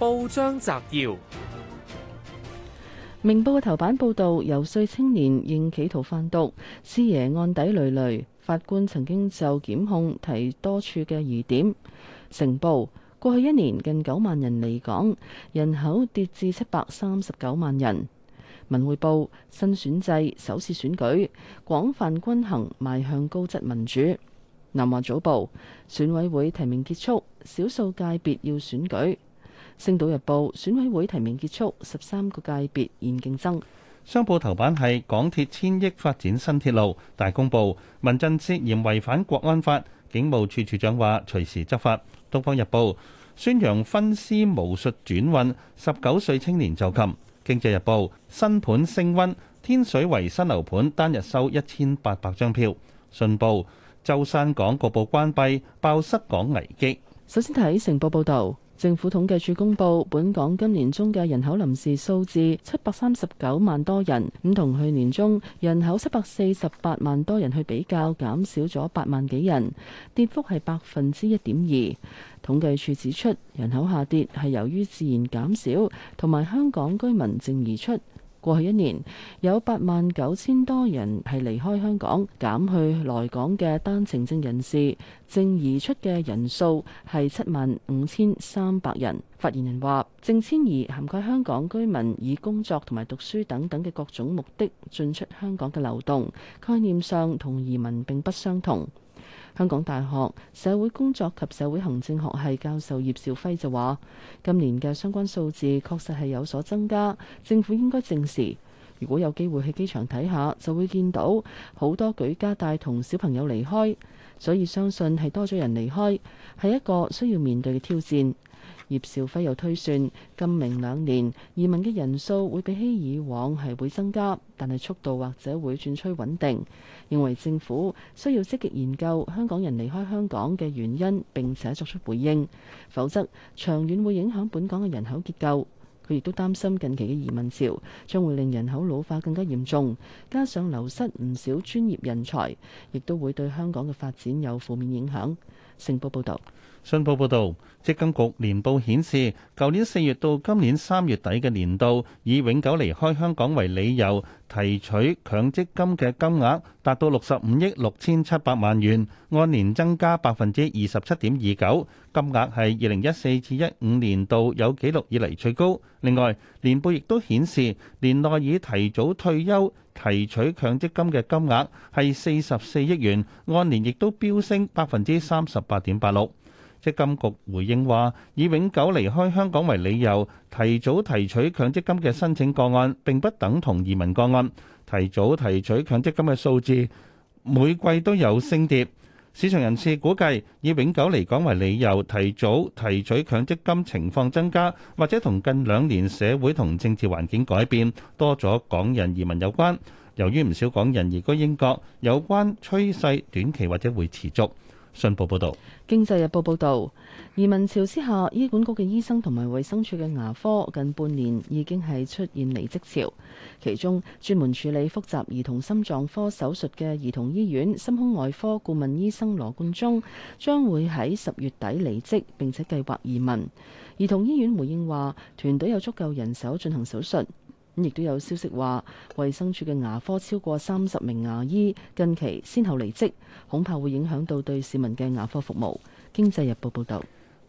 報章摘要：明報嘅頭版報道，遊說青年應企圖販毒，師爺案底累累，法官曾經就檢控提多處嘅疑點。成報過去一年近九萬人離港，人口跌至七百三十九萬人。文匯報新選制首次選舉，廣泛均衡邁向，向高質民主。南華早報選委會提名結束，少數界別要選舉。《星島日報》選委會提名結束，十三個界別現競爭。商報頭版係港鐵千億發展新鐵路大公報。民陣涉嫌違反國安法，警務處處長話隨時執法。《東方日報》宣揚分屍巫術轉運，十九歲青年就擒。《經濟日報》新盤升温，天水圍新樓盤單日收一千八百張票。《信報》舟山港局部關閉，爆失港危機。首先睇《成報》報道。政府統計處公布，本港今年中嘅人口臨時數字七百三十九萬多人，咁同去年中人口七百四十八萬多人去比較，減少咗八萬幾人，跌幅係百分之一點二。統計處指出，人口下跌係由於自然減少，同埋香港居民淨移出。過去一年有八萬九千多人係離開香港，減去來港嘅單程證人士，淨移出嘅人數係七萬五千三百人。發言人話，淨遷移涵蓋香港居民以工作同埋讀書等等嘅各種目的進出香港嘅流動，概念上同移民並不相同。香港大學社會工作及社會行政學系教授葉兆輝就話，今年嘅相關數字確實係有所增加，政府應該正視，如果有機會去機場睇下，就會見到好多舉家帶同小朋友離開，所以相信係多咗人離開，係一個需要面對嘅挑戰。葉兆輝又推算，今明兩年移民嘅人數會比起以往係會增加，但係速度或者會轉趨穩定。認為政府需要積極研究香港人離開香港嘅原因，並且作出回應，否則長遠會影響本港嘅人口結構。佢亦都擔心近期嘅移民潮將會令人口老化更加嚴重，加上流失唔少專業人才，亦都會對香港嘅發展有負面影響。成報報導，信報報導，積金局年報顯示，舊年四月到今年三月底嘅年度，以永久離開香港為理由。提取強積金嘅金額達到六十五億六千七百萬元，按年增加百分之二十七點二九，金額係二零一四至一五年度有記錄以嚟最高。另外，年報亦都顯示，年內已提早退休提取強積金嘅金額係四十四億元，按年亦都飆升百分之三十八點八六。積金局回應話，以永久離開香港為理由提早提取強積金嘅申請個案並不等同移民個案。提早提取強積金嘅數字每季都有升跌。市場人士估計，以永久離港為理由提早提取強積金情況增加，或者同近兩年社會同政治環境改變多咗港人移民有關。由於唔少港人移居英國，有關趨勢短期或者會持續。信報報導，《經濟日報》報導，移民潮之下，醫管局嘅醫生同埋衛生署嘅牙科近半年已經係出現離職潮。其中，專門處理複雜兒童心臟科手術嘅兒童醫院心胸外科顧問醫生羅冠中將會喺十月底離職，並且計劃移民。兒童醫院回應話：團隊有足夠人手進行手術。咁亦都有消息話，衛生署嘅牙科超過三十名牙醫近期先後離職，恐怕會影響到對市民嘅牙科服務。經濟日報報道，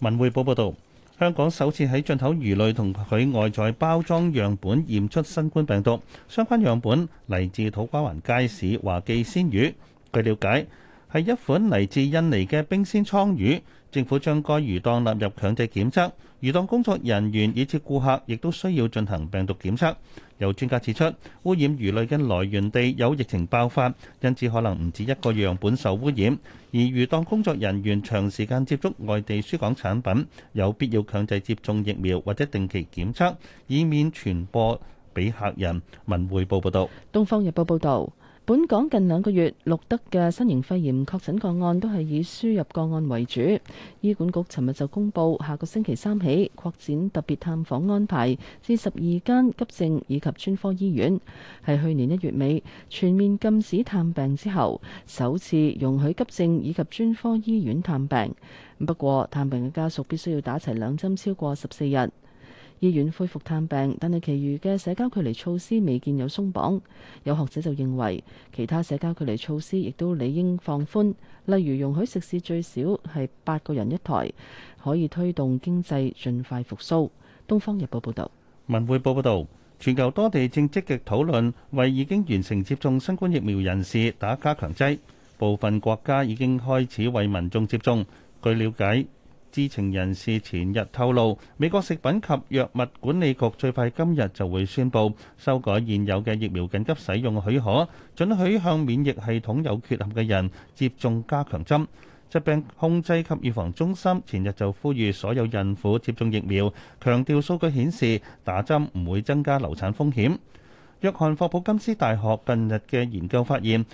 文匯報報道，香港首次喺進口魚類同佢外在包裝樣本驗出新冠病毒，相關樣本嚟自土瓜灣街市華記鮮魚。據了解，係一款嚟自印尼嘅冰鮮倉魚。政府將該魚檔納入強制檢測，魚檔工作人員以及顧客亦都需要進行病毒檢測。有專家指出，污染魚類嘅來源地有疫情爆發，因此可能唔止一個樣本受污染。而魚檔工作人員長時間接觸外地輸港產品，有必要強制接種疫苗或者定期檢測，以免傳播俾客人。文匯報報道。《東方日報》報導。本港近兩個月錄得嘅新型肺炎確診個案都係以輸入個案為主。醫管局尋日就公布下個星期三起擴展特別探訪安排至十二間急症以及專科醫院。係去年一月尾全面禁止探病之後首次容許急症以及專科醫院探病。不過探病嘅家屬必須要打齊兩針超過十四日。醫院恢復探病，但係其餘嘅社交距離措施未見有鬆綁。有學者就認為，其他社交距離措施亦都理應放寬，例如容許食肆最少係八個人一台，可以推動經濟盡快復甦。《東方日報》報導，《文匯報》報導，全球多地正積極討論為已經完成接種新冠疫苗人士打加強劑，部分國家已經開始為民眾接種。據了解。知情人士前日透露，美國食品及藥物管理局最快今日就會宣布修改現有嘅疫苗緊急使用許可，准許向免疫系統有缺陷嘅人接種加強針。疾病控制及預防中心前日就呼籲所有孕婦接種疫苗，強調數據顯示打針唔會增加流產風險。約翰霍普金斯大學近日嘅研究發現。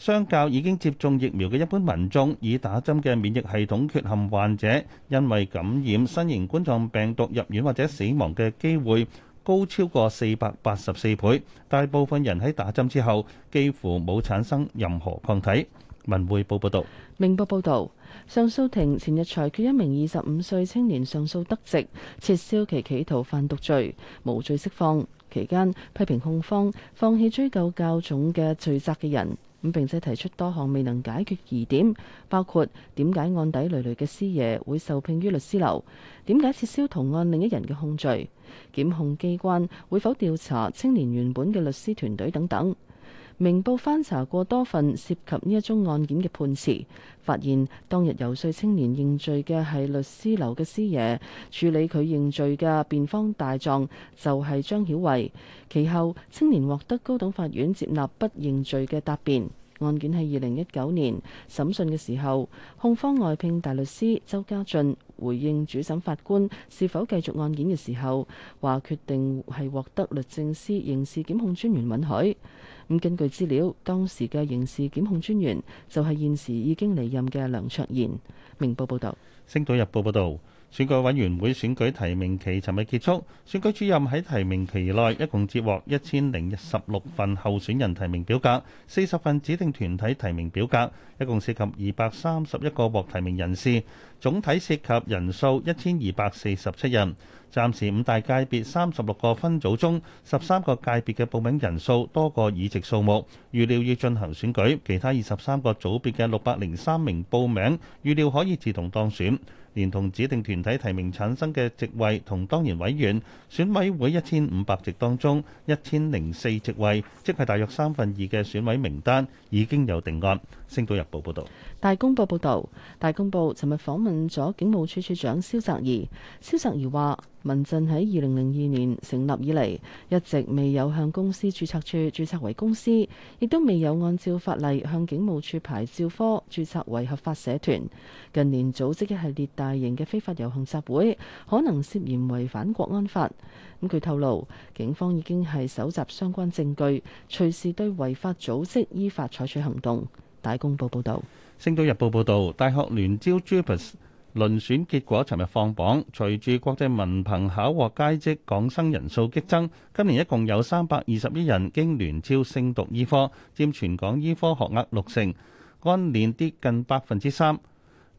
相較已經接種疫苗嘅一般民眾，已打針嘅免疫系統缺陷患者，因為感染新型冠狀病毒入院或者死亡嘅機會高超過四百八十四倍。大部分人喺打針之後幾乎冇產生任何抗體。文匯報報導，明報報導，上訴庭前日裁決一名二十五歲青年上訴得直，撤銷其企圖販毒罪，無罪釋放。期間批評控方放棄追究較重嘅罪責嘅人。咁並且提出多項未能解決疑點，包括點解案底累累嘅師爺會受聘於律師樓，點解撤銷同案另一人嘅控罪，檢控機關會否調查青年原本嘅律師團隊等等。明報翻查過多份涉及呢一宗案件嘅判詞，發現當日遊説青年認罪嘅係律師樓嘅師爺，處理佢認罪嘅辯方大狀就係張曉惠。其後青年獲得高等法院接納不認罪嘅答辯。案件係二零一九年審訊嘅時候，控方外聘大律師周家俊回應主審法官是否繼續案件嘅時候，話決定係獲得律政司刑事檢控專員允許。咁根據資料，當時嘅刑事檢控專員就係現時已經離任嘅梁卓賢。明報報道。《星島日報》報道。選舉委員會選舉提名期尋日結束，選舉主任喺提名期內一共接獲一千零一十六份候選人提名表格，四十份指定團體提名表格，一共涉及二百三十一個獲提名人士，總體涉及人數一千二百四十七人。暫時五大界別三十六個分組中，十三個界別嘅報名人數多過議席數目，預料要進行選舉；其他二十三個組別嘅六百零三名報名，預料可以自動當選。連同指定團體提名產生嘅席位同當然委員，選委會一千五百席當中一千零四席位，即係大約三分二嘅選委名單已經有定案。星島日報報道：大報報「大公報報道，大公報尋日訪問咗警務處處長蕭澤頤，蕭澤頤話。民陣喺二零零二年成立以嚟，一直未有向公司注冊處注冊為公司，亦都未有按照法例向警務處牌照科注冊為合法社團。近年組織一系列大型嘅非法遊行集會，可能涉嫌違反國安法。咁佢透露，警方已經係搜集相關證據，隨時對違法組織依法採取行動。大公報報道，《星島日報》報道，大學聯招 Jupas。輪選結果尋日放榜，隨住國際文憑考獲佳績，港生人數激增。今年一共有三百二十一人經聯招升讀醫科，佔全港醫科學額六成，按年跌近百分之三。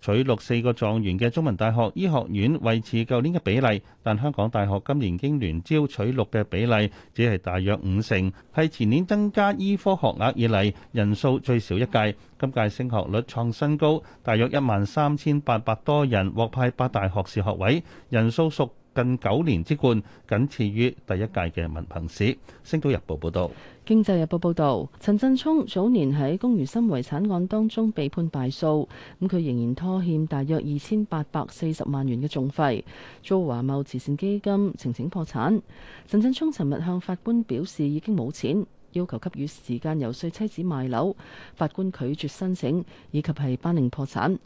取錄四個狀元嘅中文大學醫學院維持舊年嘅比例，但香港大學今年經聯招取錄嘅比例只係大約五成，係前年增加醫科學額以嚟，人數最少一屆，今屆升學率創新高，大約一萬三千八百多人獲派八大學士學位，人數屬。近九年之冠，僅次於第一屆嘅文憑試。《星島日報報道經濟日報報道，陳振聰早年喺龔如心遺產案當中被判敗訴，咁佢仍然拖欠大約二千八百四十萬元嘅訟費，遭華懋慈善基金申請破產。陳振聰尋日向法官表示已經冇錢，要求給予時間游說妻，妻子賣樓，法官拒絕申請以及係頒令破產。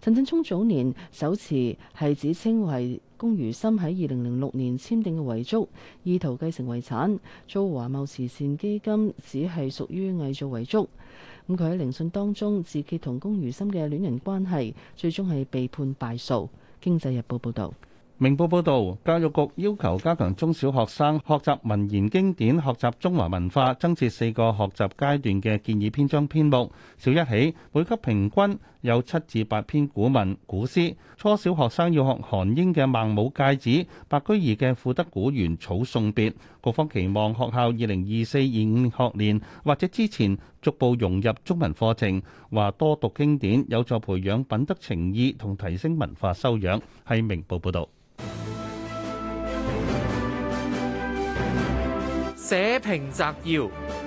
陳振聰早年手持係指稱為。龔如心喺二零零六年簽訂嘅遺囑，意圖繼承遺產，遭華懋慈善基金只係屬於偽造遺囑。咁佢喺聆訊當中自揭同龔如心嘅戀人關係，最終係被判敗訴。經濟日報報道。明報報導，教育局要求加強中小學生學習文言經典、學習中華文化，增設四個學習階段嘅建議篇章篇目，小一起每級平均有七至八篇古文、古詩。初小學生要學韓嬰嘅《孟母戒子》、白居易嘅《賦得古原草送別》。各方期望學校二零二四二五學年或者之前逐步融入中文課程，話多讀經典有助培養品德情意同提升文化修養。係明報報導。報章摘要。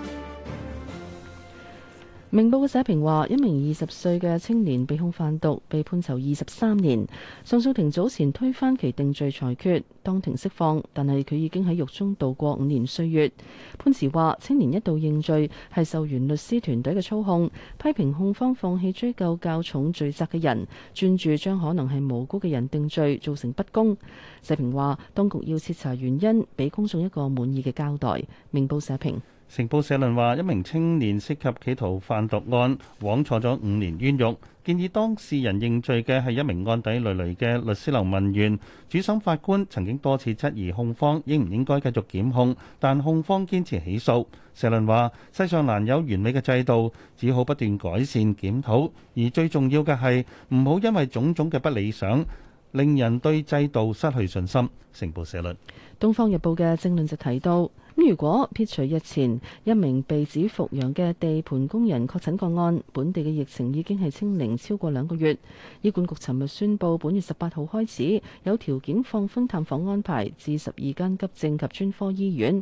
明報嘅社評話：一名二十歲嘅青年被控販毒，被判囚二十三年。上訴庭早前推翻其定罪裁決，當庭釋放，但係佢已經喺獄中度過五年歲月。判詞話，青年一度認罪，係受原律師團隊嘅操控，批評控方放棄追究較重罪責嘅人，專注將可能係無辜嘅人定罪，造成不公。社評話，當局要徹查原因，俾公眾一個滿意嘅交代。明報社評。《成報》社論話：一名青年涉及企圖販毒案，枉坐咗五年冤獄。建議當事人認罪嘅係一名案底累累嘅律師劉文源。主審法官曾經多次質疑控方應唔應該繼續檢控，但控方堅持起訴。社論話：世上難有完美嘅制度，只好不斷改善檢討。而最重要嘅係唔好因為種種嘅不理想，令人對制度失去信心。《成報》社論，《東方日報》嘅政論就提到，如果撇除日前一名被指復陽嘅地盤工人確診個案，本地嘅疫情已經係清零超過兩個月。醫管局尋日宣布，本月十八號開始有條件放寬探訪安排至十二間急症及專科醫院。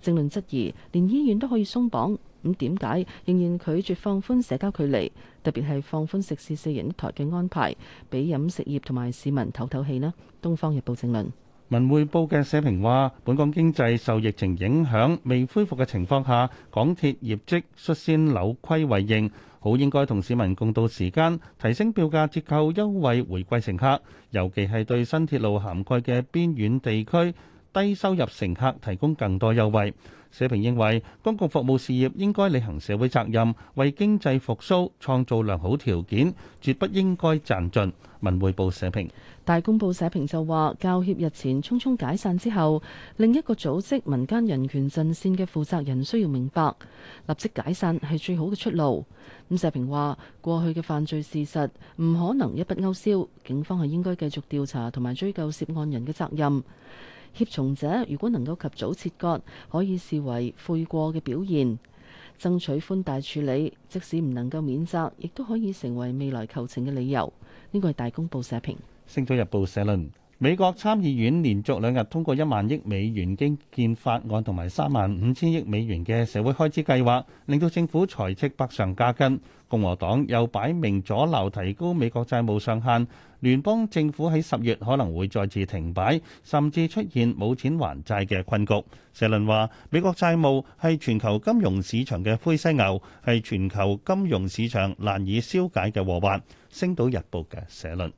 政論質疑，連醫院都可以鬆綁，咁點解仍然拒絕放寬社交距離，特別係放寬食肆四人一台嘅安排，俾飲食業同埋市民唞唞氣呢？東方日報政論。文匯報嘅社評話，本港經濟受疫情影響未恢復嘅情況下，港鐵業績率先扭虧為盈，好應該同市民共度時間，提升票價折扣優惠，回饋乘客，尤其係對新鐵路涵蓋嘅邊遠地區。低收入乘客提供更多優惠。社評認為，公共服務事業應該履行社會責任，為經濟復甦創造良好條件，絕不應該賺盡。文匯報社評。大公報社評就話，教協日前匆匆解散之後，另一個組織民間人權陣線嘅負責人需要明白，立即解散係最好嘅出路。咁社評話，過去嘅犯罪事實唔可能一筆勾銷，警方係應該繼續調查同埋追究涉案人嘅責任。脅從者如果能夠及早切割，可以視為悔過嘅表現，爭取寬大處理。即使唔能夠免責，亦都可以成為未來求情嘅理由。呢個係大公報社評。《星島日報》社論。美國參議院連續兩日通過一萬億美元經建法案同埋三萬五千億美元嘅社會開支計劃，令到政府財赤百上加斤。共和黨又擺明阻撓提高美國債務上限，聯邦政府喺十月可能會再次停擺，甚至出現冇錢還債嘅困局。社論話：美國債務係全球金融市場嘅灰犀牛，係全球金融市場難以消解嘅禍患。《星島日報》嘅社論。